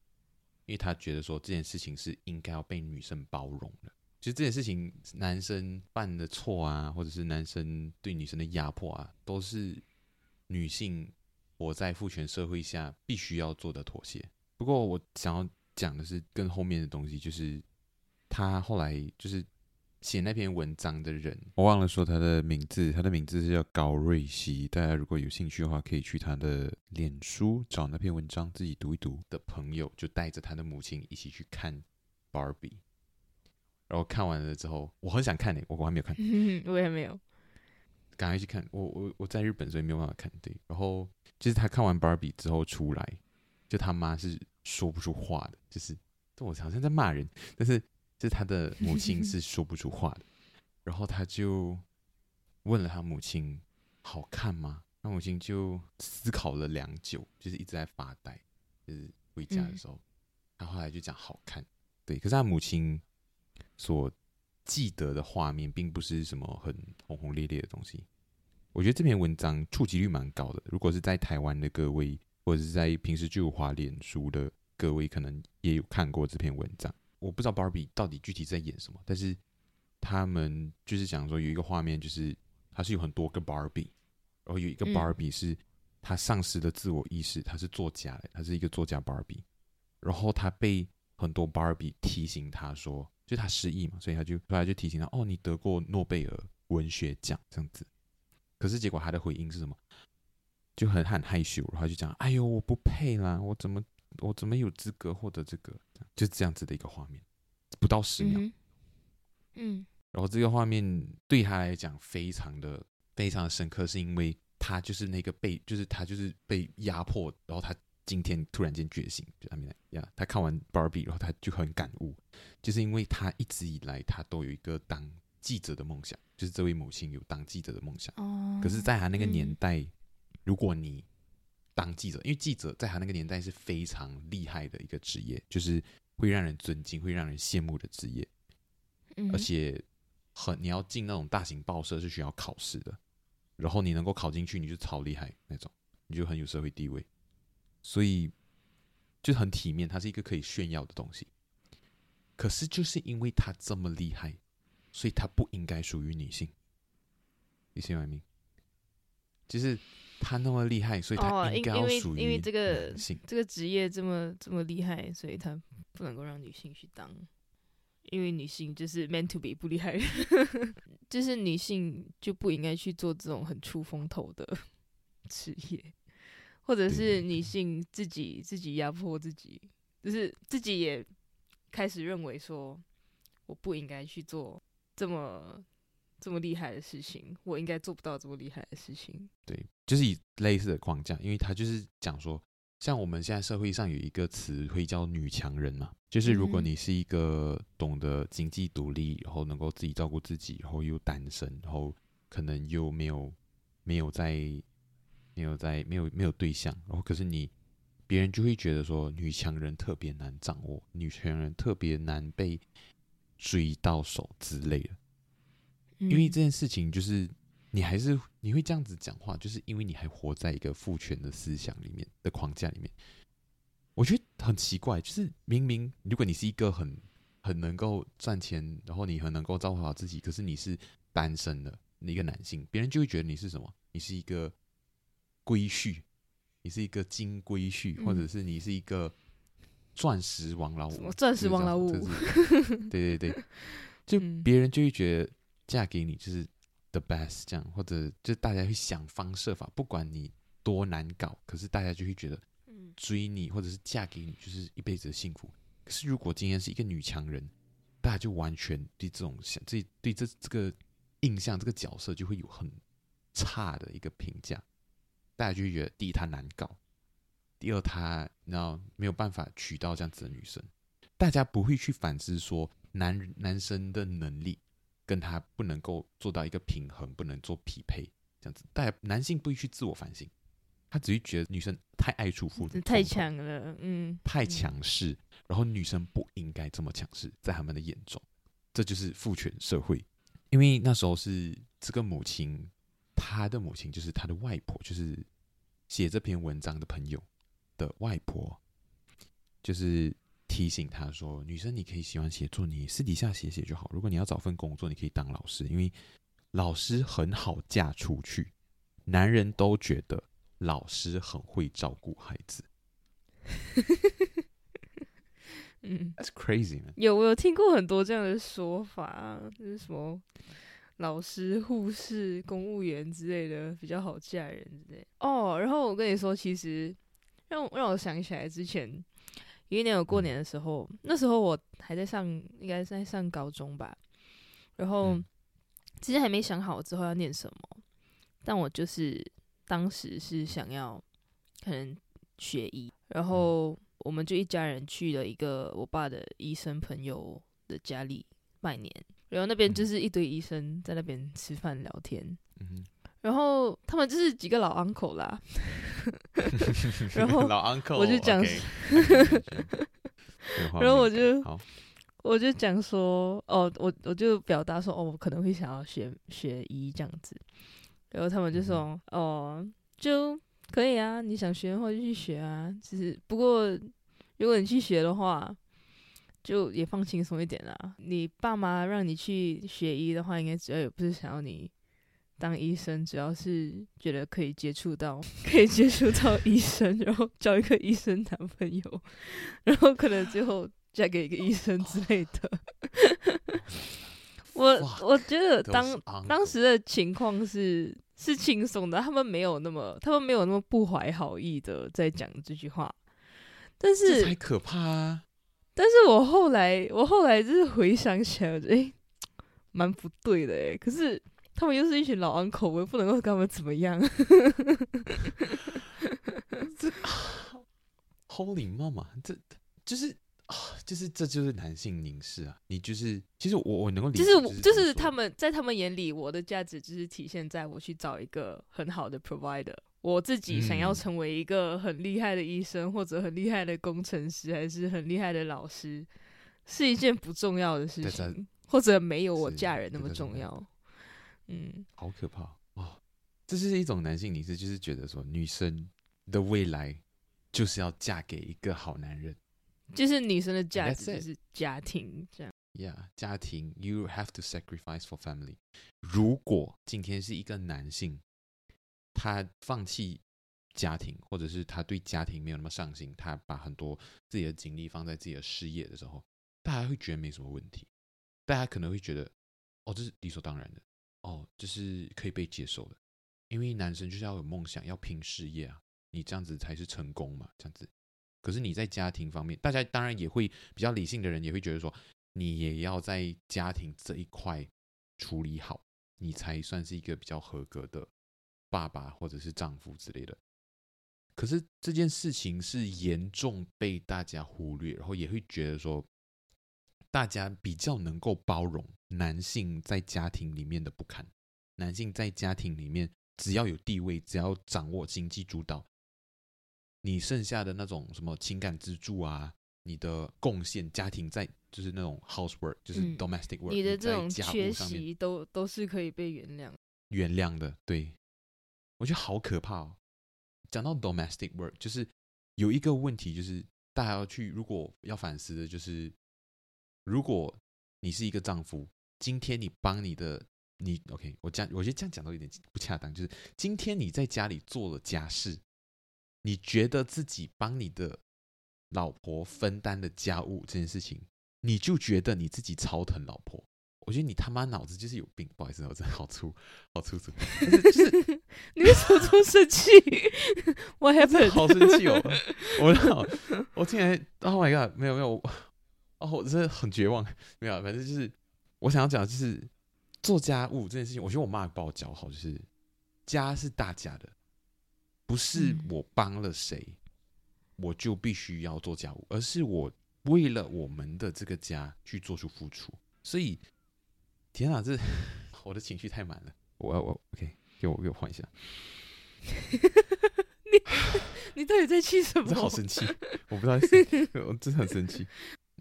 因為他覺得說這件事情是應該要被女生包容的，其實這件事情男生犯的錯啊，或者是男生對女生的壓迫啊，都是女性活在父權社會下必須要做的妥協。不過我想要。講的是更後面的東西，就是他後來就是寫那篇文章的人，我忘了說他的名字，他的名字是叫高瑞希，大家如果有興趣的話，可以去他的臉書找那篇文章，自己讀一讀。的朋友就帶着他的母親一起去看 Barbie。然後看完了之後，我很想看、欸，我我還沒有看， 我也沒有，趕快去看。我我我在日本，所以沒有辦法看，對。然後就是他看完 Barbie 之後出來，就他媽是，說不出話的，就是，我好像在罵人，但是，就是他的母親是說不出話的。 然後他就問了他母親：“好看嗎？”他母親就思考了良久，就是一直在發呆。就是回家的時候，嗯。他後來就講：“好看。”對，可是他母親所記得的畫面，並不是什麼很轟轟烈烈的東西。我覺得這篇文章觸及率蠻高的。如果是在台灣的各位，或者是在平時就有滑臉書的各位，可能也有看過這篇文章。我不知道芭比到底具體在演什麼，但是他們就是講說有一個畫面，就是他是有很多個芭比，然後有一個芭比是他喪失了自我意識，嗯、他是作家，他是一個作家芭比，然後他被很多芭比提醒他說，就他失憶嘛，所以他就後來就提醒他：‘哦，你得過諾貝爾文學獎’這樣子，可是結果他的回應是什麼？就很很害羞，然後就講：“哎呦，我不配啦！我怎麼，我怎麼有資格獲得這個？就這樣子的一個畫面，不到十秒，嗯，嗯。然後這個畫面對他來講非常的非常的深刻，是因為他就是那個被，就是他就是被壓迫，然後他今天突然間覺醒，就他明來呀，I mean, yeah, 他看完 Barbie，然後他就很感悟，就是因為他一直以來他都有一個當記者的夢想，就是這位母親有當記者的夢想，哦。可是在他那個年代。嗯如果你當記者，因為記者在他那個年代是非常厲害的一個職業，就是會讓人尊敬、會讓人羨慕的職業。嗯，而且很，你要進那種大型報社是需要考試的，然後你能夠考進去，你就超厲害那種，你就很有社會地位，所以就很體面。它是一個可以炫耀的東西。可是，就是因為他這麼厲害，所以他不應該屬於女性。You see what I mean？就是。他那麼厲害，所以他應該要屬於，哦，因為因為這個性這個職業這麼這麼厲害，所以他不能夠讓女性去當，因為女性就是 meant to be 不厲害人。 就是女性就不應該去做這種很出風頭的職業，或者是女性自己自己壓迫自己，就是自己也開始認為說我不應該去做這麼這麼厲害的事情，我應該做不到這麼厲害的事情。對，就是以類似的框架，因為他就是講說，像我們現在社會上有一個詞彙叫“女強人”嘛，就是如果你是一個懂得經濟獨立，嗯、然後能夠自己照顧自己，然後又單身，然後可能又沒有沒有在沒有在沒有沒有對象，然後可是你別人就會覺得說，女強人特別難掌握，女強人特別難被追到手之類的。因為這件事情就是你還是你會這樣子講話，就是因為你還活在一個父權的思想裡面的框架裡面。我覺得很奇怪，就是明明如果你是一個很很能夠賺錢，然後你很能夠照顧好自己，可是你是單身的一個男性，別人就會覺得你是什麼？你是一個龜婿，你是一個金龜婿，嗯、或者是你是一個鑽石王老五？鑽石王老五？就是就是，對，對對對，就別人就會覺得。嗯嫁給你就是 the best，這樣或者就大家會想方設法，不管你多難搞，可是大家就會覺得，追你或者是嫁給你就是一輩子的幸福。可是如果今天是一個女強人，大家就完全對這種想這對這這個印象這個角色就會有很差的一個評價，大家就會覺得第一她難搞，第二她然後沒有辦法娶到這樣子的女生，大家不會去反思說男男生的能力，跟他不能夠做到一個平衡，不能做匹配這樣子。但男性不會去自我反省，他只會覺得女生太愛出風頭，太強了，嗯，太強勢。然後女生不應該這麼強勢，在他們的眼中，嗯，這就是父權社會。因為那時候是這個母親，他的母親就是他的外婆，就是寫這篇文章的朋友的外婆，就是。提醒他說：“女生，你可以喜歡寫作，你私底下寫寫就好。如果你要找份工作，你可以當老師，因為老師很好嫁出去。男人都覺得老師很會照顧孩子。” 嗯，嗯，That's crazy, man。有，我有聽過很多這樣的說法，就是什麼老師、護士、公務員之類的比較好嫁人之類的。哦、oh，然後我跟你說，其實，讓讓我想起來之前。因為有一年過年的時候，那時候我還在上，應該是在上高中吧。然後其實還沒想好之後要念什麼，但我就是當時是想要可能學醫。然後我們就一家人去了一個我爸的醫生朋友的家裡拜年，然後那邊就是一堆醫生在那邊吃飯聊天。嗯然後他們就是幾個老 uncle 啦， 然後我就講， 老 uncle， 然後我就 好我就講說哦，我我就表達說哦，我可能會想要學學醫這樣子。然後他們就說、嗯、哦，就可以啊，你想學的話就去學啊，只、就是不過如果你去學的話，就也放輕鬆一點啦。你爸媽讓你去學醫的話，應該主要也不是想要你。當醫生，只要是覺得可以接觸到，可以接觸到醫生，然後交一個醫生男朋友，然後可能最後嫁給一個醫生之類的。 我我覺得當當時的情況是是輕鬆的，他們沒有那麼他們沒有那麼不懷好意的在講這句話，但是太可怕啊。但是我後來我後來就是回想起來，我覺得欸、蠻不對的、欸，哎，可是。他們又是一群老 Uncle，我不能夠跟他們怎麼樣 ？Holy mama，這就是啊，就是這就是男性凝視啊！你就是，其實我我能夠理解是、就是，就是就是他們在他們眼裡，我的價值就是體現在我去找一個很好的 provider。我自己想要成為一個很厲害的醫生，嗯、或者很厲害的工程師，還是很厲害的老師，是一件不重要的事情，家或者沒有我嫁人那麼重要。嗯，好可怕哦。這是一種男性凝視，就是覺得說女生的未來就是要嫁給一個好男人，就是女生的價值就是家庭這樣。嗯，Yeah，家庭，you have to sacrifice for family。如果今天是一個男性，他放棄家庭，或者是他對家庭沒有那麼上心，他把很多自己的精力放在自己的事業的時候，大家會覺得沒什麼問題，大家可能會覺得哦，這是理所當然的。哦，就是可以被接受的，因為男生就是要有夢想，要拼事業啊，你這樣子才是成功嘛，這樣子。可是你在家庭方面，大家當然也會，比較理性的人也會覺得說，你也要在家庭這一塊處理好，你才算是一個比較合格的爸爸或者是丈夫之類的。可是這件事情是嚴重被大家忽略，然後也會覺得說，大家比較能夠包容。男性在家庭裡面的不堪，男性在家庭裡面，只要有地位，只要掌握經濟主導，你剩下的那種什麼情感支柱啊，你的貢獻，家庭在就是那種 housework，就是 domestic work，嗯、你的這種缺席都都是可以被原諒，原諒的。對，我覺得好可怕哦。講到 domestic work，就是有一個問題，就是大家要去如果要反思的，就是如果你是一個丈夫。今天你幫你的你，OK，我這樣，我覺得這樣講都有點不恰當。就是今天你在家裡做了家事，你覺得自己幫你的老婆分擔的家務這件事情，你就覺得你自己超疼老婆。我覺得你他媽腦子就是有病。不好意思，我真的好粗，好粗，粗俗，就是， 你為什麼這麼生氣？ 我還在 不，好生氣哦。我操，我竟然，Oh my god，沒有沒有，哦，我、oh, 真的很絕望。沒有，反正就是。我想要講的就是做家務這件事情，我覺得我媽也把我教好，就是家是大家的，不是我幫了誰，我就必須要做家務，而是我為了我們的這個家去做出付出。所以，天啊，這我的情緒太滿了，我我 OK，給我給我換一下。 你你到底在氣什麼？ 好生氣！我不知道，我真的很生氣。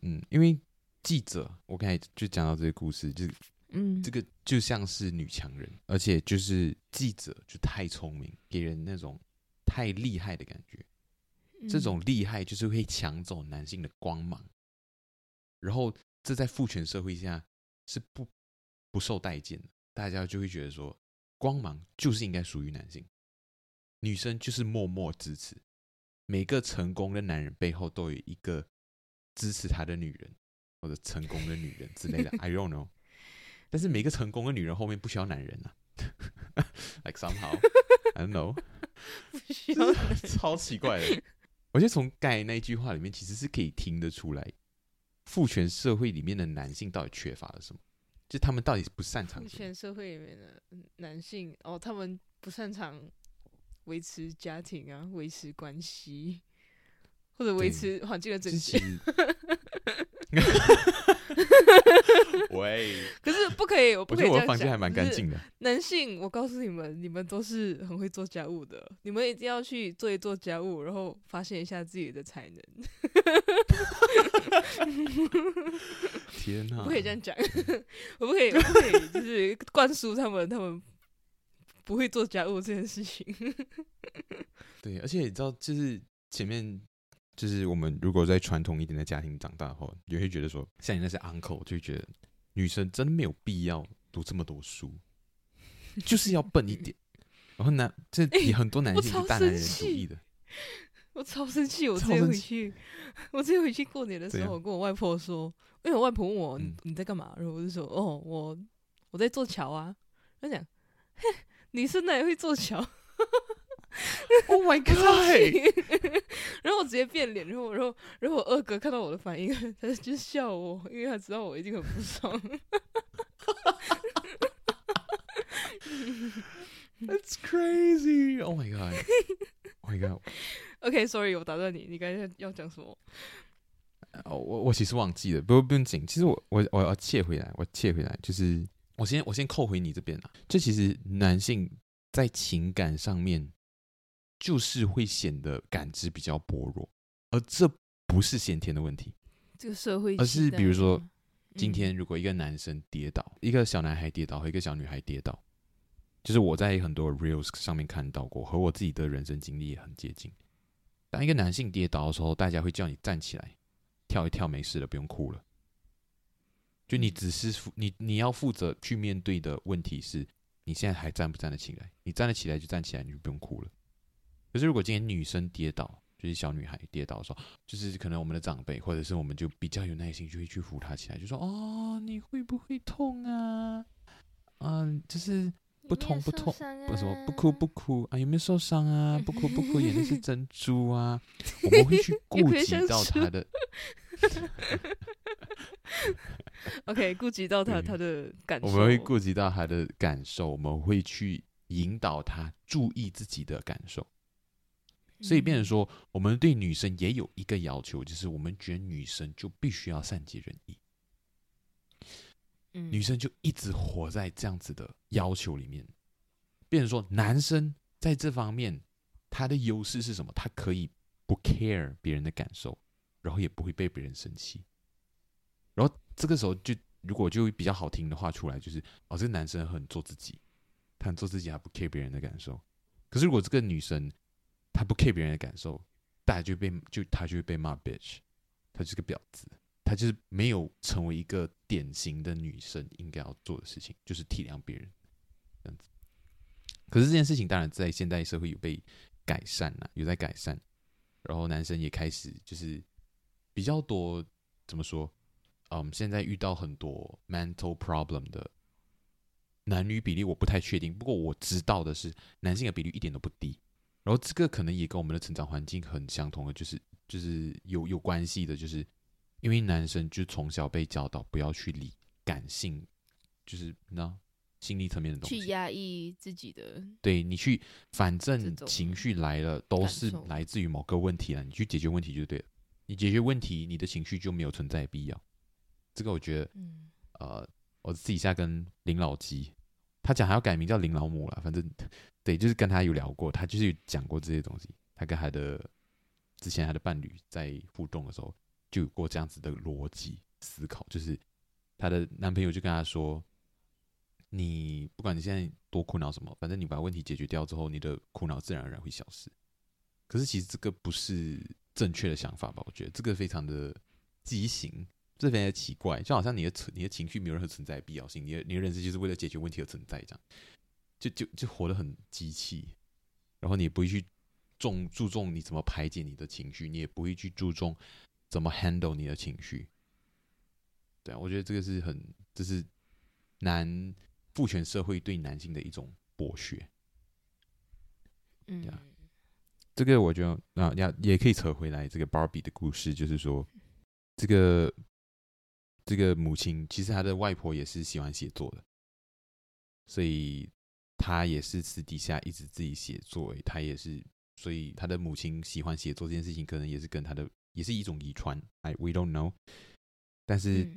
嗯，因為。記者，我剛才就講到這個故事，就嗯，這個就像是女強人，而且就是記者就太聰明，給人那種太厲害的感覺。嗯、這種厲害就是會搶走男性的光芒，然後這在父權社會下是不不受待見的。大家就會覺得說，光芒就是應該屬於男性，女生就是默默支持。每個成功的男人背後都有一個支持他的女人。或者成功的女人之類的，I don't know。 但是每個成功的女人後面不需要男人啊 ，Like somehow I don't know。不需要 超奇怪的，我覺得從蓋那一句話裡面其實是可以聽得出來，父權社會裡面的男性到底缺乏了什麼？就他們到底不擅長父權社會裡面的男性哦，他們不擅長維持家庭啊，維持關係，或者維持環境的整潔。 喂！可是不可以，我不可以這樣講，我覺得我的房間還蠻乾淨的。男性，我告訴你們，你們都是很會做家務的，你們一定要去做一做家務，然後發現一下自己的才能。 天啊！不可以這樣講，我不可以，我不可以，就是灌輸他們，他們不會做家務這件事情。 對，而且你知道，就是前面。就是我們如果在傳統一點的家庭長大的話，就會覺得說，像你那些 uncle，就會覺得女生真沒有必要讀這麼多書， 就是要笨一點。然後呢，這很多男性、欸、是大男人主義的我。我超生氣！我回去超生氣！我直接我回去過年的時候，啊、我跟我外婆說，因為我外婆問我、嗯、你在幹嘛？然後我就說哦，我我在做橋啊。她講，女生哪裡會做橋？ Oh my god！ 然後我直接變臉，然後我說，然後我二哥看到我的反應，他就笑我，因為他知道我一定很不爽。 That's crazy！Oh my god！Oh my god！OK，sorry， okay, 我打斷你，你剛才要講什麼？我我其實忘記了，不過不用緊。其實我我我要切回來，我切回來，就是我先我先扣回你這邊啊。這其實男性在情感上面。就是會顯得感知比較薄弱，而這不是先天的問題，這個社會，而是比如說，今天如果一個男生跌倒，嗯、一個小男孩跌倒和一個小女孩跌倒，就是我在很多 reels 上面看到過，和我自己的人生經歷也很接近。當一個男性跌倒的時候，大家會叫你站起來，跳一跳沒事了，不用哭了。就你只是負、嗯、你你要負責去面對的問題是你現在還站不站得起來，你站得起來就站起來，你就不用哭了。可是，如果今天女生跌倒，就是小女孩跌倒的時候，就是可能我們的長輩或者是我們就比較有耐心，就會去扶她起來，就說：“哦，你會不會痛啊？嗯，就是不痛不痛，不什麼，不哭不哭啊？有沒有受傷啊？不哭不哭，眼淚 是珍珠啊！ 我們會去顧及到她的。” OK，顧及到她她的感受，我們會顧及到她的感受，我們會去引導她注意自己的感受。所以，變成說我們對女生也有一個要求，就是我們覺得女生就必須要善解人意。女生就一直活在這樣子的要求裡面。變成說男生在這方面他的優勢是什麼？他可以不 care 別人的感受，然後也不會被別人生氣。然後這個時候就如果就比較好聽的話出來，就是哦，這個男生很做自己，他很做自己，還不 care 別人的感受。可是如果這個女生，他不 care 別人的感受，大家就會被就他就會被罵 bitch，他就是個婊子，他就是沒有成為一個典型的女生應該要做的事情，就是體諒別人這樣子。可是這件事情當然在現代社會有被改善了啊，有在改善，然後男生也開始就是比較多怎麼說，嗯，現在遇到很多 mental problem 的男女比例我不太確定，不過我知道的是男性的比例一點都不低。然後這個可能也跟我們的成長環境很相同的，的就是就是有有關係的，就是因為男生就從小被教導不要去理感性，就是那心理層面的東西，去壓抑自己的對。對你去，反正情緒來了都是來自於某個問題了，你去解決問題就對了。你解決問題，你的情緒就沒有存在必要。這個我覺得，嗯、呃，我私底下跟林老吉。他講還要改名叫林老母啦，反正，對，就是跟他有聊過，他就是講過這些東西。他跟他的之前他的伴侶在互動的時候，就有過這樣子的邏輯思考，就是他的男朋友就跟他說：“你不管你現在多苦惱什麼，反正你把問題解決掉之後，你的苦惱自然而然會消失。”可是其實這個不是正確的想法吧？我覺得這個非常的畸形。這非常奇怪，就好像你的你的情緒沒有任何存在必要性，你的你的人生就是為了解決問題而存在，這樣就就就活得很機器。然後你也不會去重注重你怎麼排解你的情緒，你也不會去注重怎麼 handle 你的情緒。對啊，我覺得這個是很這是男父權社會對男性的一種剝削。嗯，這個我覺得啊，要也可以扯回來這個 Barbie 的故事，就是說這個。這個母親其實她的外婆也是喜歡寫作的，所以她也是私底下一直自己寫作。她也是，所以她的母親喜歡寫作這件事情，可能也是跟她的也是一種遺傳。哎，we don't know。但是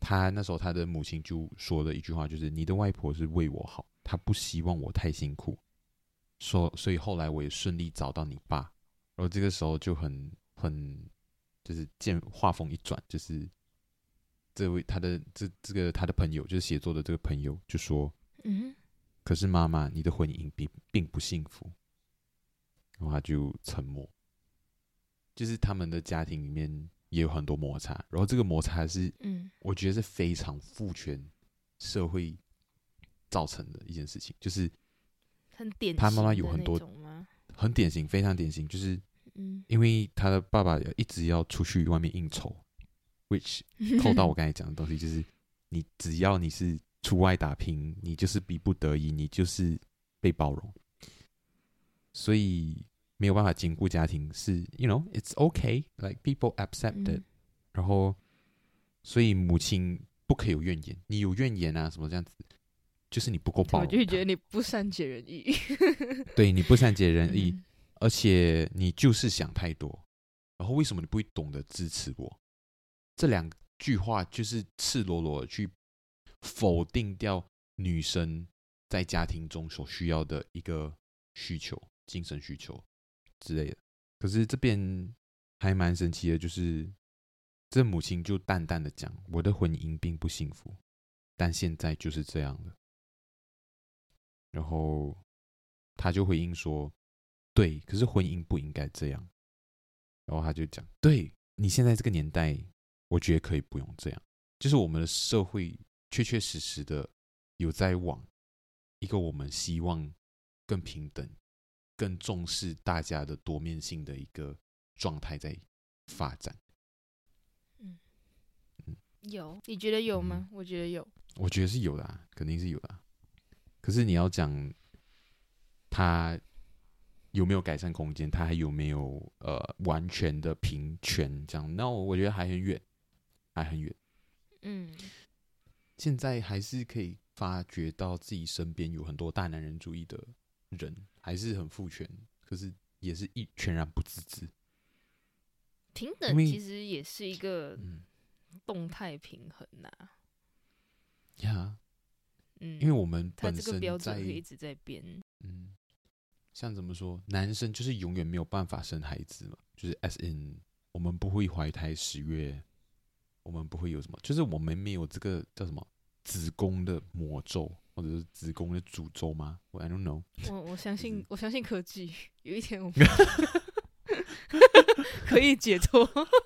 她那時候她的母親就說了一句話，就是、嗯、你的外婆是為我好，她不希望我太辛苦。說，所以後來我也順利找到你爸。然後這個時候就很很就是見話鋒一轉，就是。這位他的這這個他的朋友就是寫作的這個朋友就說：“嗯哼，可是媽媽，你的婚姻並並不幸福。”然後他就沉默。就是他們的家庭裡面也有很多摩擦，然後這個摩擦是嗯，我覺得是非常父權社會造成的一件事情，就是很典，他媽媽有很多很典，很典型，非常典型，就是因為他的爸爸一直要出去外面應酬。which 扣到我剛才講的東西，就是你只要你是出外打拼，你就是逼不得已，你就是被包容，所以沒有辦法兼顧家庭是，you know it's okay like people accept it、嗯。然後，所以母親不可以有怨言，你有怨言啊，什麼這樣子，就是你不夠包容，我就覺得你不善解人意， 對，你不善解人意，嗯、而且你就是想太多，然後為什麼你不會懂得支持我？這兩句話就是赤裸裸的去否定掉女生在家庭中所需要的一個需求、精神需求之類的。可是這邊還蠻神奇的，就是這母親就淡淡的講：“我的婚姻並不幸福，但現在就是這樣了。”然後她就回應說：“對，可是婚姻不應該這樣。”然後她就講：“對，你現在這個年代。”我覺得可以不用這樣，就是我們的社會確確實實的有在往一個我們希望更平等、更重視大家的多面性的一個狀態在發展。嗯，嗯。有，你覺得有嗎？嗯，我覺得有。我覺得是有的啊，肯定是有的啊。可是你要講他有沒有改善空間，他還有沒有呃完全的平權這樣？那我覺得還很遠。還很遠，嗯，現在還是可以發覺到自己身邊有很多大男人主義的人，還是很父權，可是也是一全然不自知。平等其實也是一個動態平衡吶，呀，因為我們本身在這個標準可以一直在變，嗯，像怎麼說，男生就是永遠沒有辦法生孩子嘛，就是 as in 我們不會懷胎十月。我們不會有什麼，就是我們沒有這個叫什麼子宮的魔咒，或者是子宮的詛咒嗎？I 我 I don't know。我我相信，嗯、我相信科技有一天我們 可以解脫。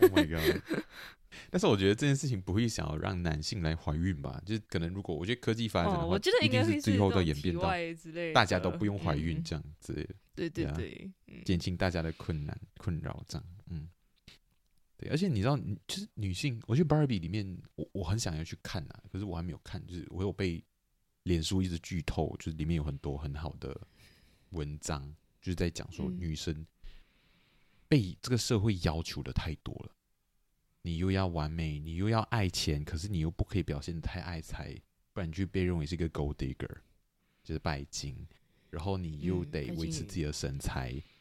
Oh my god！ 但是我覺得這件事情不會想要讓男性來懷孕吧？就是可能如果我覺得科技發展的話，哦、我覺得應該是最後都演變到大家都不用懷孕，嗯、這樣子，對，對對對，減輕大家的困難，嗯、困擾這樣，嗯。對，而且你知道，就是女性，我覺得《Barbie》裡面，我我很想要去看啊，可是我還沒有看，就是我有被臉書一直劇透，就是裡面有很多很好的文章，就是在講說女生被這個社會要求的太多了，嗯、你又要完美，你又要愛錢，可是你又不可以表現的太愛財，不然就被認為是一個 gold digger，就是拜金，然後你又得維持自己的身材。嗯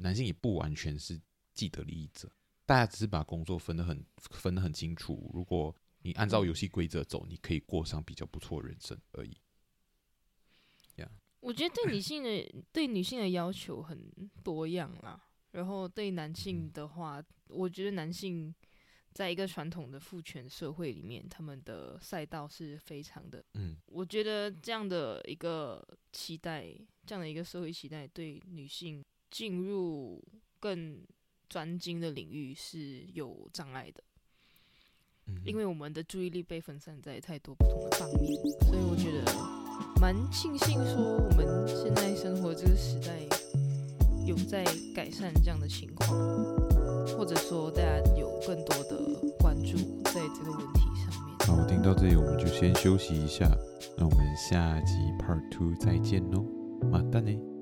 男性也不完全是既得利益者，大家只是把工作分得很分得很清楚。如果你按照遊戲規則走，你可以過上比較不錯的人生而已。Yeah. 我覺得對女性的 對女性的要求很多樣啦。然後對男性的話，嗯、我覺得男性在一個傳統的父權社會裡面，他們的賽道是非常的嗯。我覺得這樣的一個期待，這樣的一個社會期待，對女性進入更專精的領域是有障礙的，嗯、因為我們的注意力被分散在太多不同的方面，所以我覺得蠻慶幸說我們現在生活這個時代有在改善這樣的情況，或者說大家有更多的關注在這個問題上面。好，我聽到這裡我們就先休息一下，那我們下集 Part Two 再見嘍，馬丹呢？